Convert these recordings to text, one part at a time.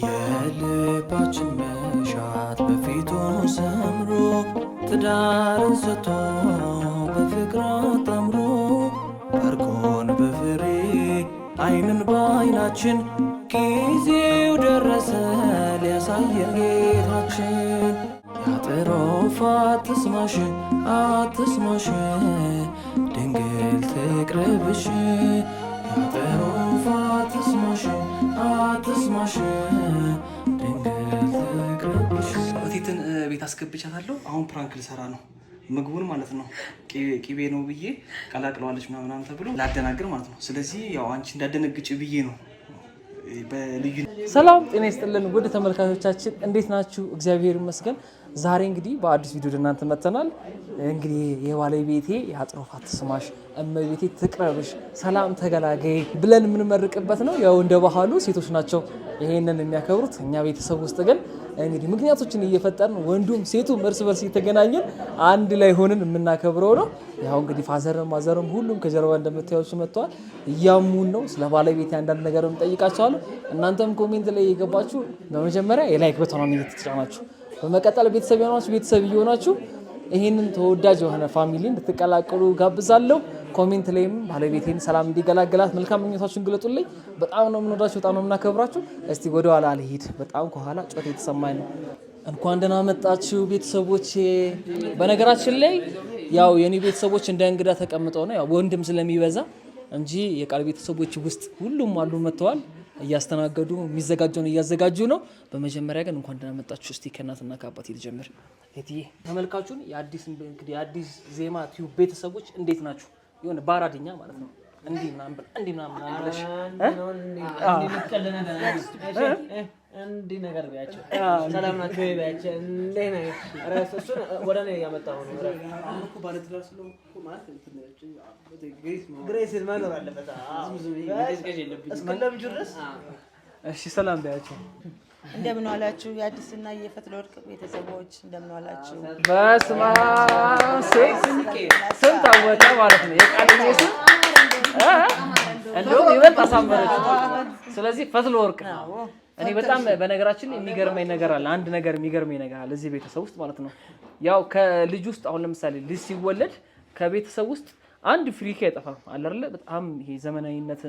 የልባችን መሻት በፊቱ ሰምሮ ትዳርን ሰጥቶ በፍቅር አጣምሮ ባርኮን በፍሬ አይንን በዓይናችን ጊዜው ደረሰ ሊያሳየን ጌታችን። የአጥር ወፍ አትስማሽ አትስማሽ ድንግል ትቅረብሽ አትስማሽ ቤት አስገብቻታለሁ። አሁን ፕራንክ ልሰራ ነው። ምግቡን ማለት ነው ቂቤ ነው ብዬ ቀላቅለዋለች ምናምን ተብሎ ላደናግር ማለት ነው። ስለዚህ ያው አንቺ እንዳደነግጭ ብዬ ነው። ሰላም ጤና ይስጥልን ውድ ተመልካቾቻችን እንዴት ናችሁ? እግዚአብሔር ይመስገን። ዛሬ እንግዲህ በአዲስ ቪዲዮ እናንተ መጥተናል። እንግዲህ የባለቤቴ የአጽሮፋት ስማሽ እመቤቴ ትቅረብሽ ሰላም ተገላገይ ብለን የምንመርቅበት ነው። ያው እንደ ባህሉ ሴቶች ናቸው ይሄንን የሚያከብሩት። እኛ ቤተሰብ ውስጥ ግን እንግዲህ ምክንያቶችን እየፈጠርን ወንዱም ሴቱም እርስ በርስ እየተገናኘን አንድ ላይ ሆንን የምናከብረው ነው። ያው እንግዲህ ፋዘርም ማዘርም ሁሉም ከጀርባ እንደምታዩች መጥተዋል፣ እያሙን ነው። ስለ ባለቤቴ አንዳንድ ነገር እንጠይቃቸዋለሁ። እናንተም ኮሜንት ላይ የገባችሁ በመጀመሪያ የላይክ በተናን እየተጫናችሁ በመቀጠል ቤተሰብ የሆናችሁ ቤተሰብ እየሆናችሁ ይህንን ተወዳጅ የሆነ ፋሚሊ እንድትቀላቀሉ ጋብዛለሁ። ኮሜንት ላይም ባለቤቴን ሰላም እንዲገላገላት መልካም ምኞታችሁን ግለጡልኝ። በጣም ነው የምንወዳችሁ፣ በጣም ነው የምናከብራችሁ። እስቲ ወደኋላ አልሄድ፣ በጣም ከኋላ ጮት የተሰማኝ ነው። እንኳን ደህና መጣችሁ ቤተሰቦቼ። በነገራችን ላይ ያው የኔ ቤተሰቦች እንደ እንግዳ ተቀምጠው ነው ያው ወንድም ስለሚበዛ እንጂ የቃል ቤተሰቦች ውስጥ ሁሉም አሉ መጥተዋል። እያስተናገዱ የሚዘጋጀውን እያዘጋጁ ነው። በመጀመሪያ ግን እንኳን ደህና መጣችሁ። እስቲ ከእናትና ከአባት ልጀምር። እትዬ ተመልካቹን የአዲስ ዜማ ቲዩብ ቤተሰቦች እንዴት ናችሁ? የሆነ በአራድኛ ማለት ነው እንዲህ ምናምን ብለሽ እንዲህ ነገር ቢያቸው ሰላም ናቸው ቢያቸው እንዲህ ነገር እሱን ወደ እኔ ያመጣሁ ነው። ግሬስ መኖር አለበት። እሺ፣ ሰላም ቢያቸው እንደምን ዋላችሁ የአዲስና የፈትለ ወርቅ ቤተሰቦች፣ እንደምን ዋላችሁ። ስም ታወቀ ማለት ነው። የቃል ስም እንደውም ይበልጥ አሳመረች። ስለዚህ ፈትለ ወርቅ ነው እኔ በጣም በነገራችን የሚገርመኝ ነገር አለ። አንድ ነገር የሚገርመኝ ነገር አለ እዚህ ቤተሰብ ውስጥ ማለት ነው። ያው ከልጅ ውስጥ አሁን ለምሳሌ ልጅ ሲወለድ ከቤተሰብ ውስጥ አንድ ፍሪክ አይጠፋም አለ አይደለ? በጣም ይሄ ዘመናዊነት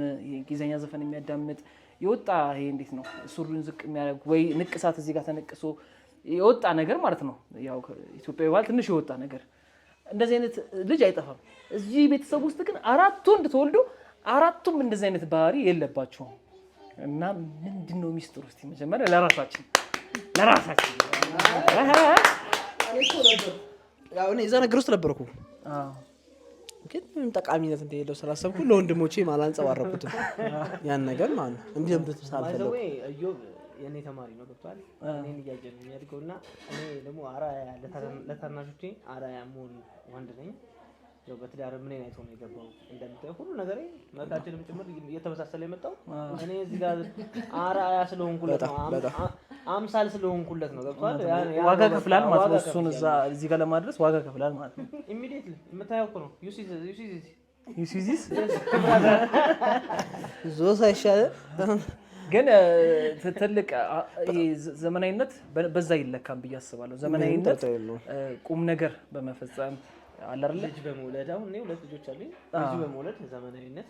ጊዜኛ ዘፈን የሚያዳምጥ የወጣ ይሄ እንዴት ነው ሱሪን ዝቅ የሚያደርግ ወይ ንቅሳት እዚህ ጋር ተነቅሶ የወጣ ነገር ማለት ነው። ያው ኢትዮጵያ ባህል ትንሽ የወጣ ነገር እንደዚህ አይነት ልጅ አይጠፋም። እዚህ ቤተሰብ ውስጥ ግን አራቱ ተወልዶ አራቱም እንደዚህ አይነት ባህሪ የለባቸውም። እና ምንድን ነው ሚስጥሩ? እስኪ መጀመሪያ ለራሳችን ለራሳችን እኔ እዛ ነገር ውስጥ ነበርኩ ግን ምንም ጠቃሚነት እንደሌለው ስላሰብኩ ለወንድሞቼ አላንጸባረኩትም። ያን ነገር ማለት ነው የእኔ ተማሪ ነው ገብቷል። እኔን እያየ ነው የሚያድገው እና እኔ ደግሞ አራያ ለታናሾቼ አራያ መሆን ወንድ ነኝ ያው በትዳር ምን አይነት ሆኖ የገባው እንደምታየው ሁሉ ነገር መልካችንም ጭምር እየተመሳሰለ የመጣው እኔ እዚህ ጋር አርአያ ስለሆንኩለት ነው፣ አምሳል ስለሆንኩለት ነው። ገብቷል። ዋጋ ከፍላል ማለት ነው። እሱን እዛ እዚህ ጋር ለማድረስ ዋጋ ከፍላል ማለት ነው። ኢሚዲየትሊ የምታየው እኮ ነው። ዩሲዚስ ዞስ አይሻልም ግን ትልቅ ዘመናዊነት በዛ ይለካም ብዬ አስባለሁ። ዘመናዊነት ቁም ነገር በመፈጸም ልጅ በመውለድ አሁን እኔ ሁለት ልጆች አሉኝ። ልጅ በመውለድ ዘመናዊነት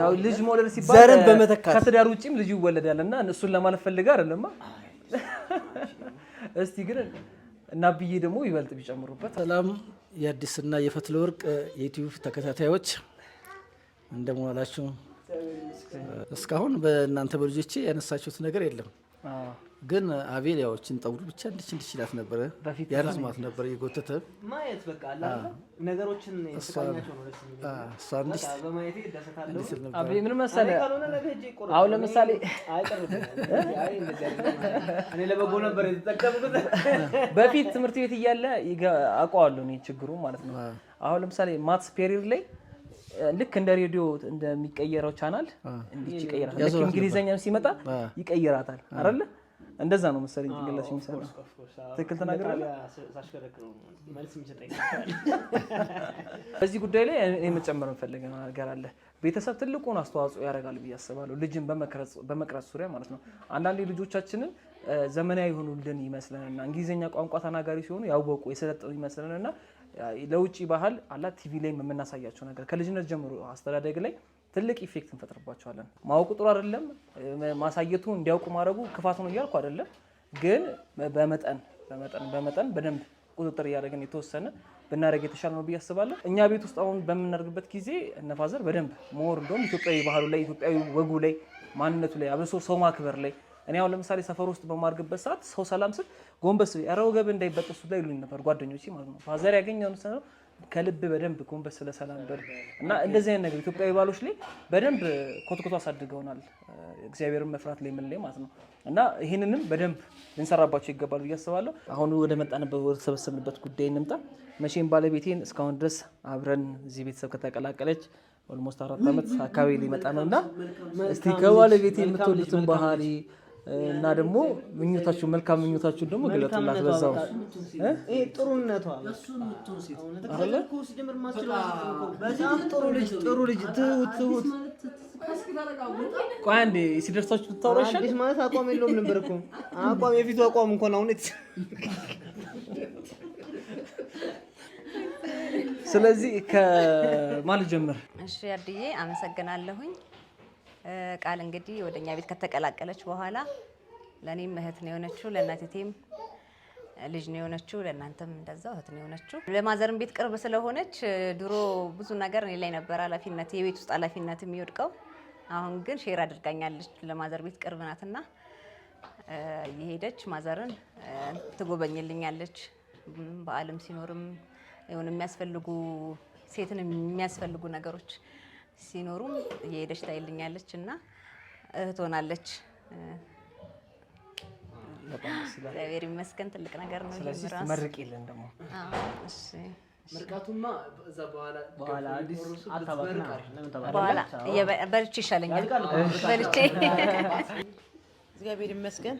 ያው ልጅ መውለድ ሲባል ዘርን በመተካት ከትዳር ውጪም ልጅ ይወለዳል እና እሱን ለማለት ፈልጋ አይደለማ። እስቲ ግን እና ብዬ ደግሞ ይበልጥ ቢጨምሩበት። ሰላም የአዲስና የፈትለ ወርቅ የዩቲዩብ ተከታታዮች እንደመዋላችሁ። እስካሁን በእናንተ በልጆቼ ያነሳችሁት ነገር የለም ግን አቤልያዎችን ጠጉር ብቻ እንድች እንድች ይላት ነበረ፣ ያረዝማት ነበረ የጎተተ ማየት በቃ አለ ነገሮችን ስቃኛቸው ነው። በማየት ምን መሰለህ አሁን ለምሳሌ እኔ ለበጎ ነበር የተጠቀምኩት በፊት ትምህርት ቤት እያለ አውቀዋለሁ እኔ ችግሩ ማለት ነው። አሁን ለምሳሌ ማትስ ፔሪድ ላይ ልክ እንደ ሬዲዮ እንደሚቀየረው ቻናል እንዲህ ይቀይራታል። እንግሊዘኛም ሲመጣ ይቀይራታል አይደለ እንደዛ ነው መሰለኝ ጭንቅላት የሚሰራ ትክክል ተናግራለሁ። በዚህ ጉዳይ ላይ እኔ መጨመር የምፈልገው ነገር አለ። ቤተሰብ ትልቁን አስተዋጽኦ ያደርጋል ብዬ አስባለሁ፣ ልጅን በመቅረጽ ዙሪያ ማለት ነው። አንዳንዴ ልጆቻችንን ዘመናዊ የሆኑልን ይመስለንና እንግሊዝኛ ቋንቋ ተናጋሪ ሲሆኑ ያወቁ የሰለጠኑ ይመስለንና ለውጭ ባህል አላ ቲቪ ላይ የምናሳያቸው ነገር ከልጅነት ጀምሮ አስተዳደግ ላይ ትልቅ ኢፌክት እንፈጥርባቸዋለን። ማወቁ ጥሩ አይደለም፣ ማሳየቱ እንዲያውቁ ማድረጉ ክፋት ነው እያልኩ አይደለም። ግን በመጠን በመጠን በመጠን በደንብ ቁጥጥር እያደረግን የተወሰነ ብናደረግ የተሻለ ነው ብዬ አስባለሁ። እኛ ቤት ውስጥ አሁን በምናደርግበት ጊዜ እነፋዘር በደንብ ሞር እንደውም ኢትዮጵያዊ ባህሉ ላይ ኢትዮጵያዊ ወጉ ላይ ማንነቱ ላይ አብሶ ሰው ማክበር ላይ እኔ አሁን ለምሳሌ ሰፈር ውስጥ በማድርግበት ሰዓት ሰው ሰላም ስል ጎንበስ ኧረ ወገብ እንዳይበጠሱ ላይ ይሉኝ ነበር ጓደኞች ማለት ነው ፋዘር ያገኘ ነው ከልብ በደንብ ጎንበስ ስለ ሰላም በል እና እንደዚህ አይነት ነገር ኢትዮጵያዊ ባሎች ላይ በደንብ ኮትኮቶ አሳድገውናል። እግዚአብሔርን መፍራት ላይ ምን ላይ ማለት ነው እና ይህንንም በደንብ ልንሰራባቸው ይገባል ብዬ አስባለሁ። አሁን ወደ መጣንበት ወደ ተሰበሰብንበት ጉዳይ እንምጣ። መቼም ባለቤቴን እስካሁን ድረስ አብረን እዚህ ቤተሰብ ከተቀላቀለች ኦልሞስት አራት ዓመት አካባቢ ሊመጣ ነው እና እስቲ ከባለቤቴ የምትወዱትን ባህሪ እና ደግሞ ምኞታችሁ መልካም ምኞታችሁ ደግሞ ግለጡላት። በዛው እህ ጥሩነቷ ጥሩ ልጅ ትሁት ትሁት። ቆይ አንዴ ሲደርሳችሁ ብታወራሽ አዲስ ማለት አቋም የለውም ነበር እኮ አቋም የፊቱ አቋም እንኳን አሁን ስለዚህ ከማል ጀምር። እሺ አድዬ አመሰግናለሁኝ። ቃል እንግዲህ ወደ እኛ ቤት ከተቀላቀለች በኋላ ለእኔም እህት ነው የሆነችው፣ ለእናቴቴም ልጅ ነው የሆነችው፣ ለእናንተም እንደዛው እህት ነው የሆነችው። ለማዘርም ቤት ቅርብ ስለሆነች ድሮ ብዙ ነገር እኔ ላይ ነበር ኃላፊነት የቤት ውስጥ ኃላፊነት የሚወድቀው። አሁን ግን ሼር አድርጋኛለች። ለማዘር ቤት ቅርብ ናትና የሄደች ማዘርን ትጎበኝልኛለች። በዓልም ሲኖርም የሆነ የሚያስፈልጉ ሴትን የሚያስፈልጉ ነገሮች ሲኖሩም እየሄደች ታይልኛለች እና እህት ሆናለች። እግዚአብሔር ይመስገን ትልቅ ነገር ነው። መርቂልን ደግሞ መርቃቱማ እዛ በኋላ በኋላ በልቼ ይሻለኛል። በልቼ እግዚአብሔር ይመስገን።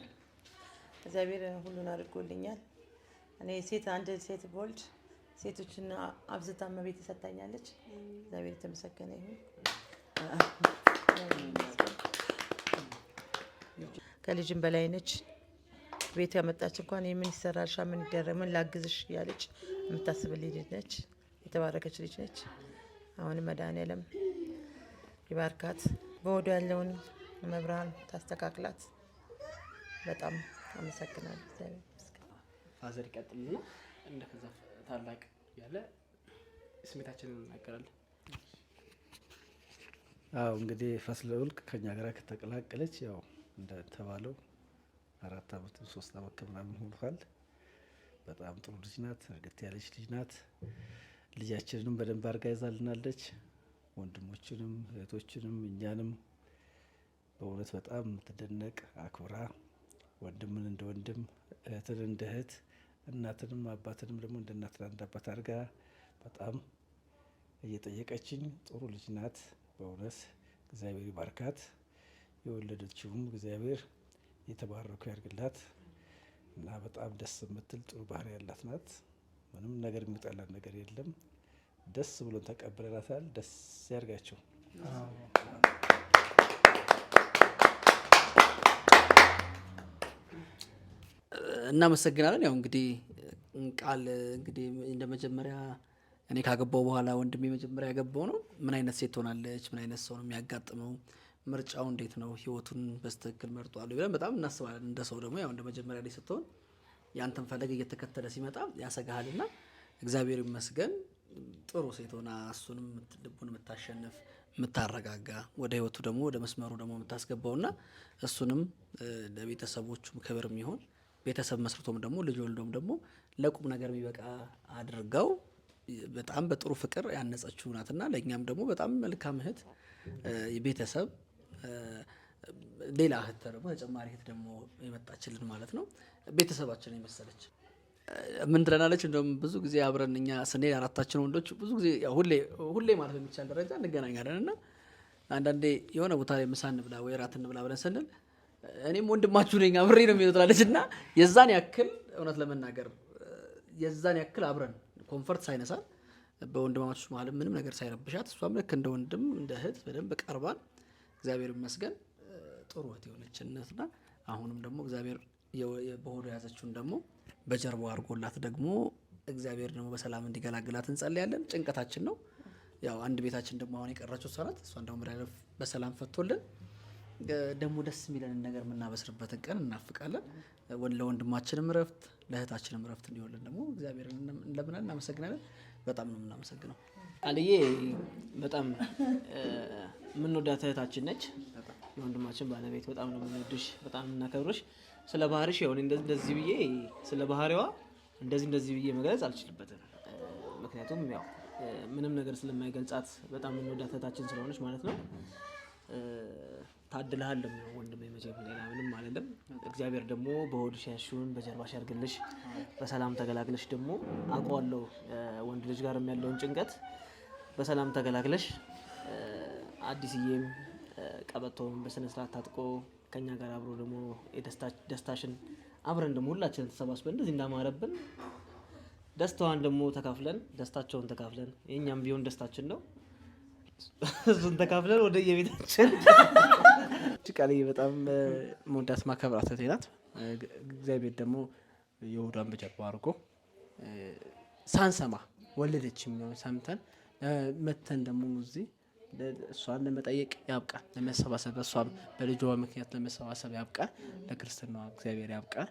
እግዚአብሔር ሁሉን አድርጎልኛል። እኔ ሴት አንድ ሴት ቦልድ ሴቶችን አብዝታ መቤት ሰታኛለች። እግዚአብሔር የተመሰገነ ይሁን። ከልጅም በላይ ነች። ቤት ያመጣች እንኳን የምን ይሰራልሻ፣ ምን ይደረግ፣ ምን ላግዝሽ እያለች የምታስብልኝ ልጅ ነች። የተባረከች ልጅ ነች። አሁንም መድኃኔዓለም ይባርካት፣ በወዱ ያለውን መብርሃን ታስተካክላት። በጣም አመሰግናለሁ። ፋዘር ይቀጥልና እንደዛ ታላቅ ያለ ስሜታችንን እናገራለን። አዎ እንግዲህ ፈስለ ውልቅ ከኛ ጋር ከተቀላቀለች ያው እንደተባለው አራት አመት ሶስት አመት ከምናምን ሆኗል። በጣም ጥሩ ልጅ ናት። እርግት ያለች ልጅ ናት። ልጃችንንም በደንብ አርጋ ይዛልናለች። ወንድሞችንም እህቶችንም እኛንም በእውነት በጣም የምትደነቅ አክብራ ወንድምን እንደ ወንድም እህትን እንደ እህት እናትንም አባትንም ደግሞ እንደ እናትና እንደ አባት አድርጋ በጣም እየጠየቀችኝ ጥሩ ልጅ ናት። በእውነት እግዚአብሔር ይባርካት። የወለደችውም እግዚአብሔር የተባረኩ ያርግላት እና በጣም ደስ የምትል ጥሩ ባህሪ ያላት ናት። ምንም ነገር የሚጠላን ነገር የለም። ደስ ብሎን ተቀብለናታል። ደስ ያርጋቸው። እናመሰግናለን። ያው እንግዲህ ቃል እንግዲህ እንደ መጀመሪያ እኔ ካገባው በኋላ ወንድሜ መጀመሪያ ያገባው ነው። ምን አይነት ሴት ትሆናለች? ምን አይነት ሰው ነው የሚያጋጥመው? ምርጫው እንዴት ነው? ህይወቱን በስትክክል መርጧል ብለን በጣም እናስባለን። እንደ ሰው ደግሞ ያው እንደ መጀመሪያ ላይ ስትሆን ያንተን ፈለግ እየተከተለ ሲመጣ ያሰጋሃል ና እግዚአብሔር ይመስገን ጥሩ ሴት ሆና እሱንም ልቡን የምታሸንፍ የምታረጋጋ ወደ ህይወቱ ደግሞ ወደ መስመሩ ደግሞ የምታስገባውና እሱንም ለቤተሰቦቹም ክብር የሚሆን ቤተሰብ መስርቶም ደግሞ ልጅ ወልዶም ደግሞ ለቁም ነገር የሚበቃ አድርገው በጣም በጥሩ ፍቅር ያነጸችው ናትና ለእኛም ደግሞ በጣም መልካም እህት ቤተሰብ ሌላ እህት ደግሞ ተጨማሪ እህት ደግሞ የመጣችልን ማለት ነው። ቤተሰባችን የመሰለች ምን ትለናለች። እንደውም ብዙ ጊዜ አብረን እኛ ስንሄድ አራታችን ወንዶች ብዙ ጊዜ ሁሌ ማለት በሚቻል ደረጃ እንገናኛለን እና አንዳንዴ የሆነ ቦታ ላይ ምሳ እንብላ ወይ ራት እንብላ ብለን ስንል እኔም ወንድማችሁ ነኝ አብሬ ነው የሚለው እና የዛን ያክል እውነት ለመናገር የዛን ያክል አብረን ኮንፈርት ሳይነሳል በወንድማች መሀል ምንም ነገር ሳይረብሻት እሷም ልክ እንደ ወንድም እንደ እህት በደንብ ቀርባን እግዚአብሔር ይመስገን ጥሩ እህት የሆነች እናትና አሁንም ደግሞ እግዚአብሔር በሆዱ የያዘችውን ደግሞ በጀርባው አድርጎላት ደግሞ እግዚአብሔር ደግሞ በሰላም እንዲገላግላት እንጸልያለን። ጭንቀታችን ነው ያው አንድ ቤታችን ደግሞ አሁን የቀረችው እሷ ናት። እሷን ደግሞ በሰላም ፈቶልን ደግሞ ደስ የሚለንን ነገር የምናበስርበትን ቀን እናፍቃለን። ለወንድማችንም እረፍት ለእህታችንም እረፍት እንዲሆንልን ደግሞ እግዚአብሔርን እንለምናል፣ እናመሰግናለን። በጣም ነው የምናመሰግነው። አልዬ በጣም የምንወዳት እህታችን ነች፣ የወንድማችን ባለቤት። በጣም ነው የምንወድሽ፣ በጣም የምናከብርሽ። ስለ ባህርሽ ሆን እንደዚህ ብዬ ስለ ባህሪዋ እንደዚህ እንደዚህ ብዬ መግለጽ አልችልበትም። ምክንያቱም ያው ምንም ነገር ስለማይገልጻት በጣም የምንወዳት እህታችን ስለሆነች ማለት ነው። ታድልሃል ነው ወንድሜ። መቼም ሌላ ምንም አይደለም። እግዚአብሔር ደግሞ በሆድሽ ያልሽውን በጀርባ ያድርግልሽ። በሰላም ተገላግለሽ ደግሞ አውቀዋለሁ ወንድ ልጅ ጋርም ያለውን ጭንቀት በሰላም ተገላግለሽ አዲስዬም ቀበቶውን በስነስርዓት ስርዓት ታጥቆ ከኛ ጋር አብሮ ደግሞ ደስታሽን አብረን ደግሞ ሁላችንን ተሰባስበን እንደዚህ እንዳማረብን ደስታዋን ደግሞ ተካፍለን ደስታቸውን ተካፍለን የእኛም ቢሆን ደስታችን ነው እሱን ተካፍለን ወደ የቤታችን ቃልዬ በጣም መወዳት ማከብራት እህቴ ናት። እግዚአብሔር ደግሞ የሆዷን በጀርባ አድርጎ ሳንሰማ ወለደች የሚሆን ሰምተን መተን ደግሞ እዚህ እሷን ለመጠየቅ ያብቃል፣ ለመሰባሰብ እሷም በልጇ ምክንያት ለመሰባሰብ ያብቃል፣ ለክርስትናዋ እግዚአብሔር ያብቃል።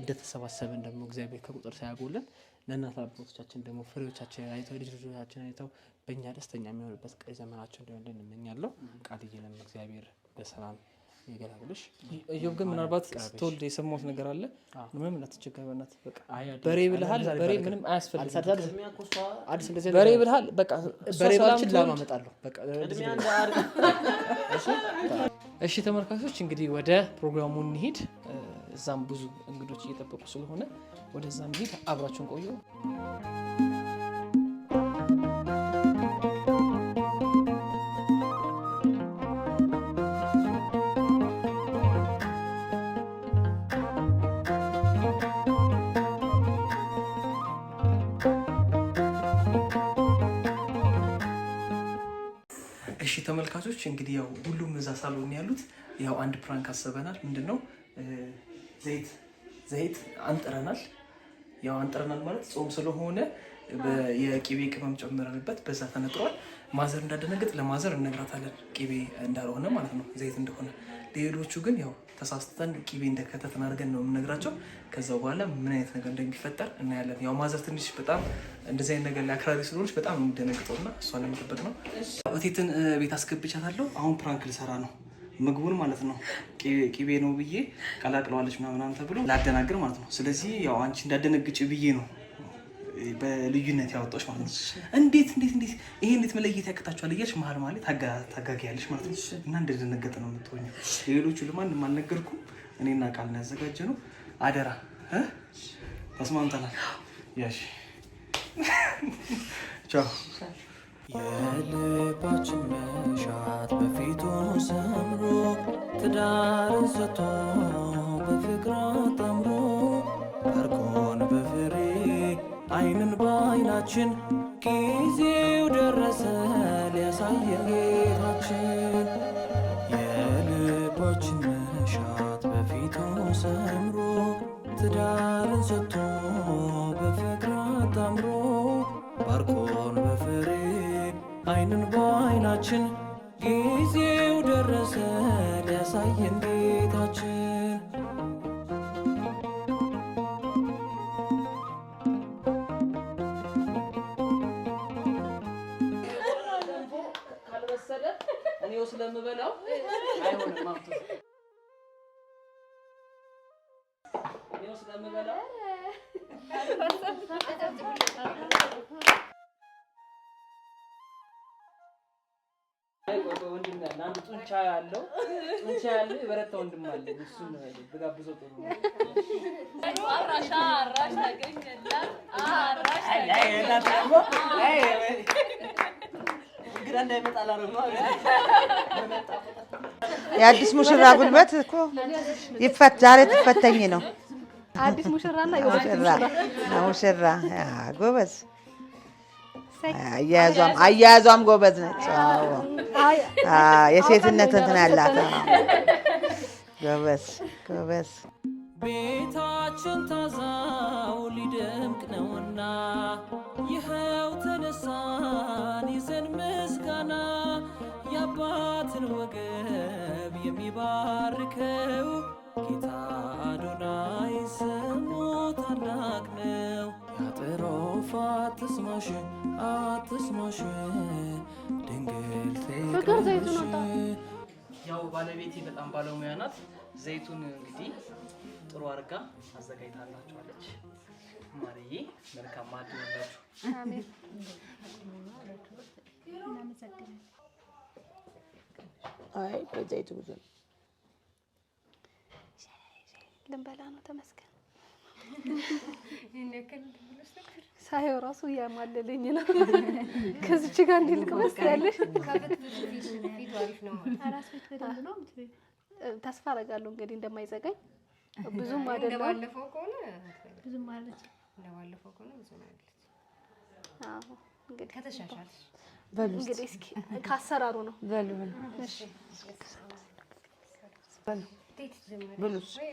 እንደተሰባሰበን ደግሞ እግዚአብሔር ከቁጥር ሳያጎለን ለእናት አባቶቻችን ደግሞ ፍሬዎቻችን አይተው ልጅ ልጆቻችን አይተው በእኛ ደስተኛ የሚሆንበት ቀይ ዘመናቸው እንዲሆንልን እመኛለሁ። እየለም እግዚአብሔር በሰላም ይገላግልሽ። እዮብ ግን ምናልባት ስትወልድ የሰማሁት ነገር አለ። ምንም እንዳትቸገር በእናት በሬ ብልሃል፣ በሬ ምንም አያስፈልግም። በሬ ብልሃል፣ በቃ በሬ ባልችል ላም አመጣለሁ። እሺ ተመልካቾች እንግዲህ ወደ ፕሮግራሙ እንሂድ። እዛም ብዙ እንግዶች እየጠበቁ ስለሆነ ወደዛ እንሂድ። አብራችሁን ቆዩ። ልጆች እንግዲህ ያው ሁሉም እዛ ሳሎን ያሉት ያው አንድ ፕራንክ አሰበናል። ምንድን ነው ዘይት ዘይት አንጥረናል። ያው አንጥረናል ማለት ጾም ስለሆነ የቂቤ ቅመም ጨምረንበት በዛ ተነጥሯል። ማዘር እንዳደነግጥ ለማዘር እነግራታለን፣ ቂቤ እንዳልሆነ ማለት ነው ዘይት እንደሆነ። ሌሎቹ ግን ያው ተሳስተን ቂቤ እንደከተትን አድርገን ነው የምነግራቸው። ከዛ በኋላ ምን አይነት ነገር እንደሚፈጠር እናያለን። ያው ማዘር ትንሽ በጣም እንደዚህ አይነት ነገር ላይ አክራሪ ስለሆነች በጣም የምደነግጠው እና እሷን ለመጠበቅ ነው። እቴትን ቤት አስገብቻታለሁ። አሁን ፕራንክ ልሰራ ነው ምግቡን ማለት ነው ቂቤ ነው ብዬ ቀላቅለዋለች ምናምናም ተብሎ ላደናግር ማለት ነው። ስለዚህ ያው አንቺ እንዳደነግጭ ብዬ ነው በልዩነት ያወጣች ማለት ነው። እንዴት እንዴት እንዴት ይሄ እንዴት መለየት ያቅታችኋል እያልሽ መሀል ማለት ያለሽ ማለት ነው። እና እንደደነገጠ ነው የምትሆኘው። ሌሎቹ ለማንም አልነገርኩም። እኔና ቃል ነው ያዘጋጀ ነው። አደራ ተስማምተናል። ያሽ ቻው። የልባችን መሻት በፊቱ ሰምሮ ትዳርን ሰጥቶ በፍቅር አጣምሮ ታርቆን በፍሬ አይንን በአይናችን ጊዜው ደረሰ ሊያሳየን ጌታችን። የልባችን መሻት በፊቱ ሰምሮ ትዳርን ሰጥቶ በፍቅር አጣምሮ ባርኮን በፍሬ አይንን በአይናችን ጊዜው ደረሰ ሊያሳየን ስለምበላው ወንድም ጡንቻ ያለው ጡንቻ ያለው የበረታ ወንድም አለ። ጥሩ የአዲስ ሙሽራ ጉልበት እኮ ይፈት ዛሬ ትፈተኝ ነው። አዲስ ሙሽራና ሙሽራ ጎበዝ፣ አያያዟም ጎበዝ ነች። የሴትነት እንትን ያላት ጎበዝ ጎበዝ። ቤታችን ታዛው ሊደምቅ ነውና ይኸው ተነሳን ይዘን ምስጋና የአባትን ወገብ የሚባርከው ጌታ አዶናይ ስሙ ታላቅ ነው። የአጥር ወፍ አትስማሽ አትስማሽ ድንግል ያው ባለቤቴ በጣም ባለሙያ ናት። ዘይቱን እንግዲህ ጥሩ አድርጋ አዘጋጅታላችኋለች። ማርዬ መልካም ማዕድ ይሁንላችሁ። አይ በዘይቱ ብዙ ልንበላ ነው። ተመስገን ሳየው ራሱ እያማለለኝ ነው። ከዚች ጋር እንዲልቅ መስላለሽ። ተስፋ አደርጋለሁ እንግዲህ እንደማይዘጋኝ ብዙም አይደለም። እንግዲህ እስኪ ከአሰራሩ ነው። بلوس ሰይ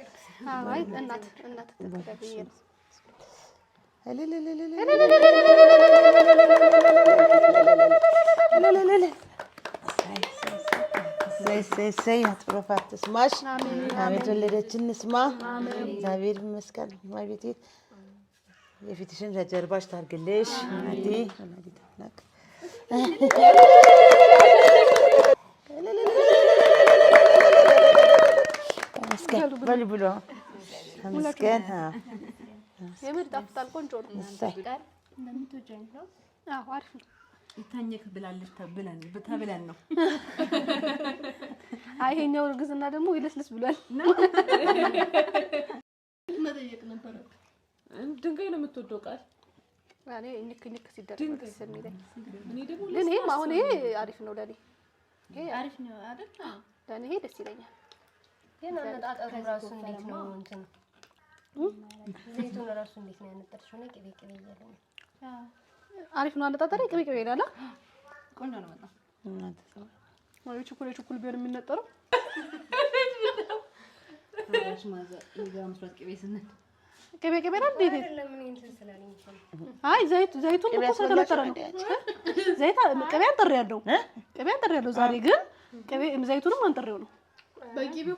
አትፍሮፋት ስማሽ አቤት ወለደችን ስማ እግዚአብሔር ይመስገን ማቤቴ የፊትሽን ጀርባሽ ታርግልሽ እናቴ ተመስገን በል ብሎ ተመስገን። የምር ጣፍጣል። ቆንጆ ነው። ይታኘክ ብላለች ተብለን ነው። አይ ይሄኛው እርግዝና ደግሞ ይለስልስ ብሏል። መጠየቅ ነበረ። ድንጋይ ነው የምትወደው ቃል እኔ ኒክ ሲደረግ ደስ የሚለኝ አሁን ይሄ አሪፍ ነው ለኔ። ይሄ አሪፍ ነው አይደል? ለኔ ይሄ ደስ ይለኛል። ግን አነጣጠሩ ራሱ እንዴት ነው ነው ዘይቱን ራሱ እንዴት ነው ያነጠርሽው? ነው ቅቤ ቅቤ እያለ ነው። አሪፍ ነው አነጣጠረ ቅቤ ቅቤ ይላል። ቆንጆ ነው በጣም ወይ ችኩል ችኩል ቢሆን የሚነጠረው ነው ዘይቱን እኮ ስለተነጠረ ነው። ቅቤ አንጥሬ ቅቤ አንጥሬ ዛሬ ግን ዘይቱንም አንጥሬው ነው በቂቤው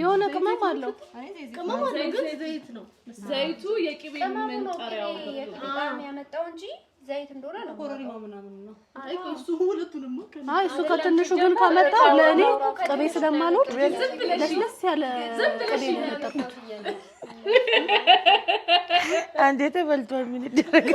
የሆነ ቅመም አለው። ቅመም አለው ግን ዘይት ነው። ዘይቱ የቅቤ መንጠሪያው ያመጣው እንጂ ዘይት እንደሆነ ነው። ኮረሪማ ምናምን ነው። አይ እሱ ሁለቱንም አይ እሱ ከትንሹ ግን ካመጣው ለእኔ ቅቤ ስለማልወድ ለስለስ ያለ ቅቤ ነው የመጣሁት። አንዴ ተበልቷል። ምን ይደረጋል?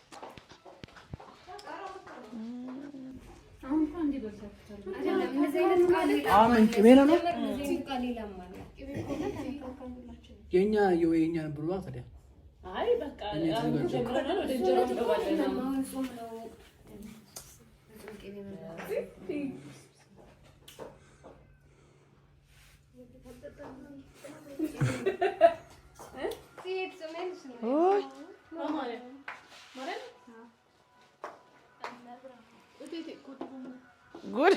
የኛ የኛ ነበር ታዲያ አይ በቃ ጉድ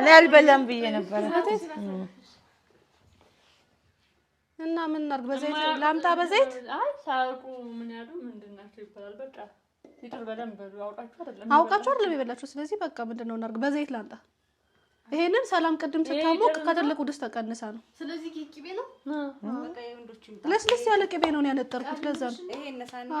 እኔ አልበላም ብዬ ነበረ። እና ምን እናድርግ? በዘይት ላምጣ። በዘይት ሳያውቁ ምን አውቃችሁ አይደለም የበላችሁ። ስለዚህ በቃ ምንድን ነው እናድርግ? በዘይት ላምጣ። ይሄንን ሰላም ቅድም ስታሞቅ ከትልቁ ድስት ተቀንሳ ነው። ስለዚህ ቅቤ ነው፣ ለስለስ ያለ ቅቤ ነው ያነጠርኩት። ለዛ ነው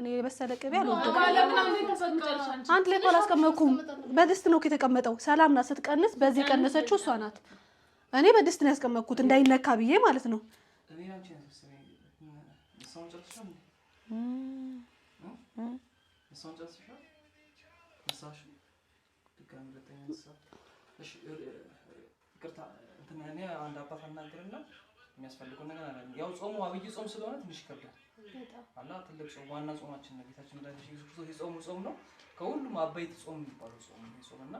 እኔ የበሰለ ቅቤ አንድ ላይ እኮ አላስቀመጥኩም። በድስት ነው የተቀመጠው። ሰላም ናት ስትቀንስ፣ በዚህ የቀነሰችው እሷ ናት። እኔ በድስት ነው ያስቀመጥኩት እንዳይነካ ብዬ ማለት ነው። አንድ አባት አናግርና የሚያስፈልገው ነገር አለ። ያው ጾሙ አብይ ጾም ስለሆነ ትንሽ ይከብዳል። አላ ትልቅ ጾም ዋና ጾማችን ነው። ጌታችን መድኃኒታችን ኢየሱስ ክርስቶስ የጾሙ ጾም ነው። ከሁሉም አበይት ጾም የሚባለው ጾም ነው ጾም እና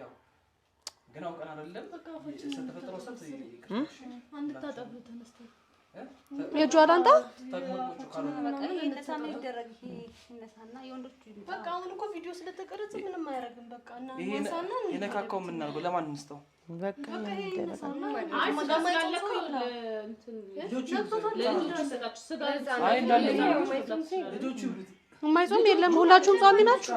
ያው ግን አውቀን አይደለም በቃ ስለተፈጠረው ሰብት አንድ ታጠብሉ ተነስተው የእጇ ዳንጣ በቃ አሁን እኮ ቪዲዮ ስለተቀረጸ ምንም አያደርግም። በቃ እና የነካካው የምናደርገው ለማን እንስጠው? የማይጾም የለም። ሁላችሁም ጻሚ ናችሁ።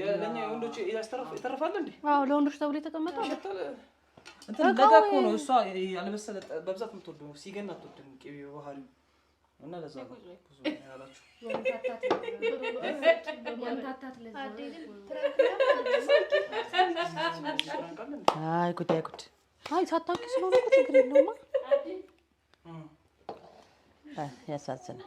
ለእኛ የወንዶች ይተርፋል እንዴ? አዎ፣ ለወንዶች ተብሎ የተቀመጠ እንትን ደጋ እኮ ነው። እሷ ያልበሰለ በብዛት የምትወደው ሲገና አትወድም ቅቤ ባህሪ እና ለዛ ብዙ ያላችሁ አይ ጉድ፣ አይ ጉድ፣ አይ ሳታውቂ ስለሆነ ችግር የለውማ። ያሳዝናል።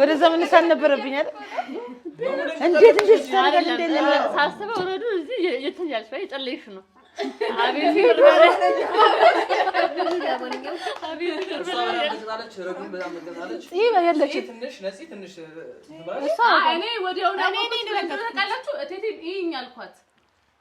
ወደዛ መነሳት ነበረብኝ እንዴት እንዴት ታደርጋል? እንዴት ሳስበው ረዱ እዚህ የተያልሽ ባይ የጨለይሽ ነው። አቤት ይሄ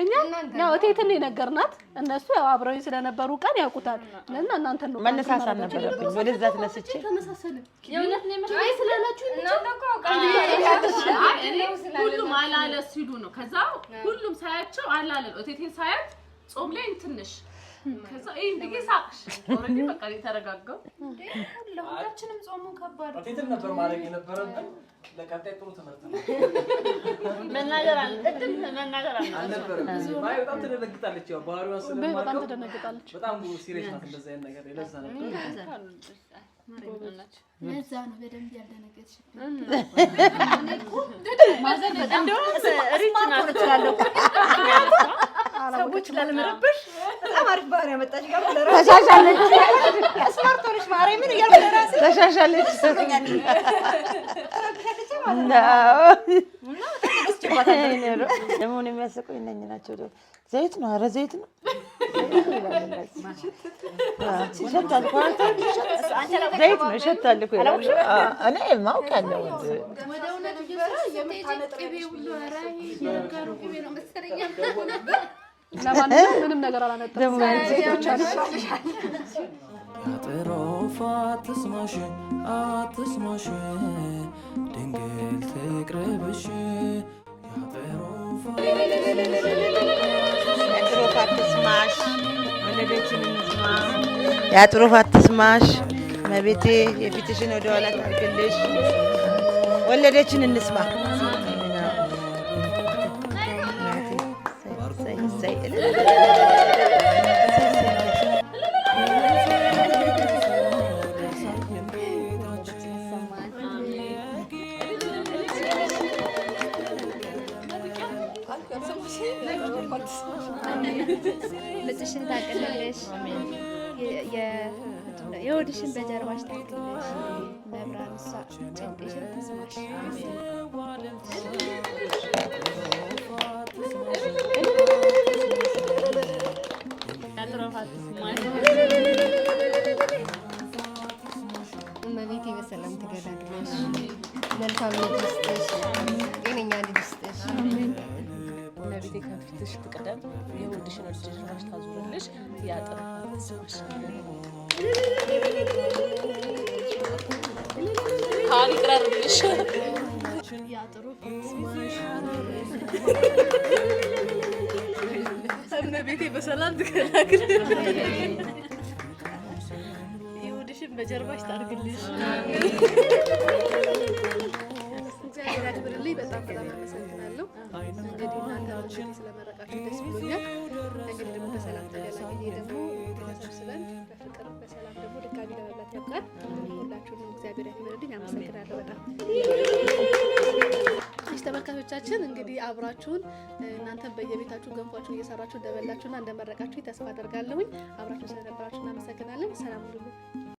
እኛ ያው እቴትን የነገርናት እነሱ ያው አብረውኝ ስለነበሩ ቀን ያውቁታል። ለና እናንተ ነው መነሳሳት ነበረብኝ ወደዛ ተነስቼ ሁሉም አላለ ሲሉ ነው። ከዛ ሁሉም ሳያቸው አላለ እቴቴን ሳያት ጾም ላይ ትንሽ የተረጋጋው እንዴ ለሁላችንም ጾሙን ከባድ ነው። ነበር ማድረግ የነበረብን ለቀጣይ ጥሩ ትምህርት ነው። መናገር አለ እድም መናገር አለ አልነበረም። አይ በጣም ትደነግጣለች። ያው ባህሪዋን ስለማውቀው በጣም ሲሪየስ ናት። እንደዛ አይነት ነገር የለዛ ነበር ለዛ ነው በደንብ ያልደነገጥሽ። እንደውም ሪች ናት ትችላለች ሰዎች ላለመረበሽ በጣም አሪፍ ባህሪ ያመጣሽ ጋር ተሻሻለች። ስማርት ሆነሽ ማርያምን እያልኩ ለራሴ ተሻሻለች። ደግሞ የሚያስቀው እነኝ ናቸው። ዘይት ነው፣ ኧረ ዘይት ነው። ዘይት ነው፣ ይሸታል እኮ እኔ የማውቃለሁ። ለማንኛውም ምንም ነገር አላነጠም። አጥሮፋ አትስማሽ አትስማሽ ድንግል ትቅርብሽ የአጥሮፋ አትስማሽ መቤቴ የፊትሽን ወደኋላ ታርግልሽ ወለደችን እንስማ ልጅሽን ታቅልልሽ፣ የሆድሽን በጀርባሽ ታቅልልሽ። መብራን እሷ ጭንቅሽን ትስማሽ። የኔኛ ልጅ ስጥሽ ለቤቴ ከፊትሽ ፍቅደም የሁልሽን እድልሽ ታዙርልሽ ያጥር ስማሽ ካልቅረብልሽ ያጥሩ ስማሽ እመቤቴ በሰላም ትከላክል ይሁድሽን በጀርባሽ ታርግልሽ። ስለዚህ በጣም በጣም አመሰግናለሁ። እንግዲህ እናንተ አብረን ስለመረቃችሁ ደስ ብሎኛል። እንግዲህ ደግሞ በሰላም ተገላግኝ ደግሞ ተሰብስበን በፍቅር በሰላም ደግሞ ድጋሚ ለመብላት ያብቃል። ሁላችሁንም እግዚአብሔር ያክብርልኝ። አመሰግናለሁ በጣም ተመልካቾቻችን እንግዲህ አብራችሁን እናንተን በየቤታችሁ ገንፏችሁ እየሰራችሁ እንደበላችሁና እንደመረቃችሁ ተስፋ አደርጋለሁኝ። አብራችሁ ስለነበራችሁ እናመሰግናለን። ሰላም ሁሉ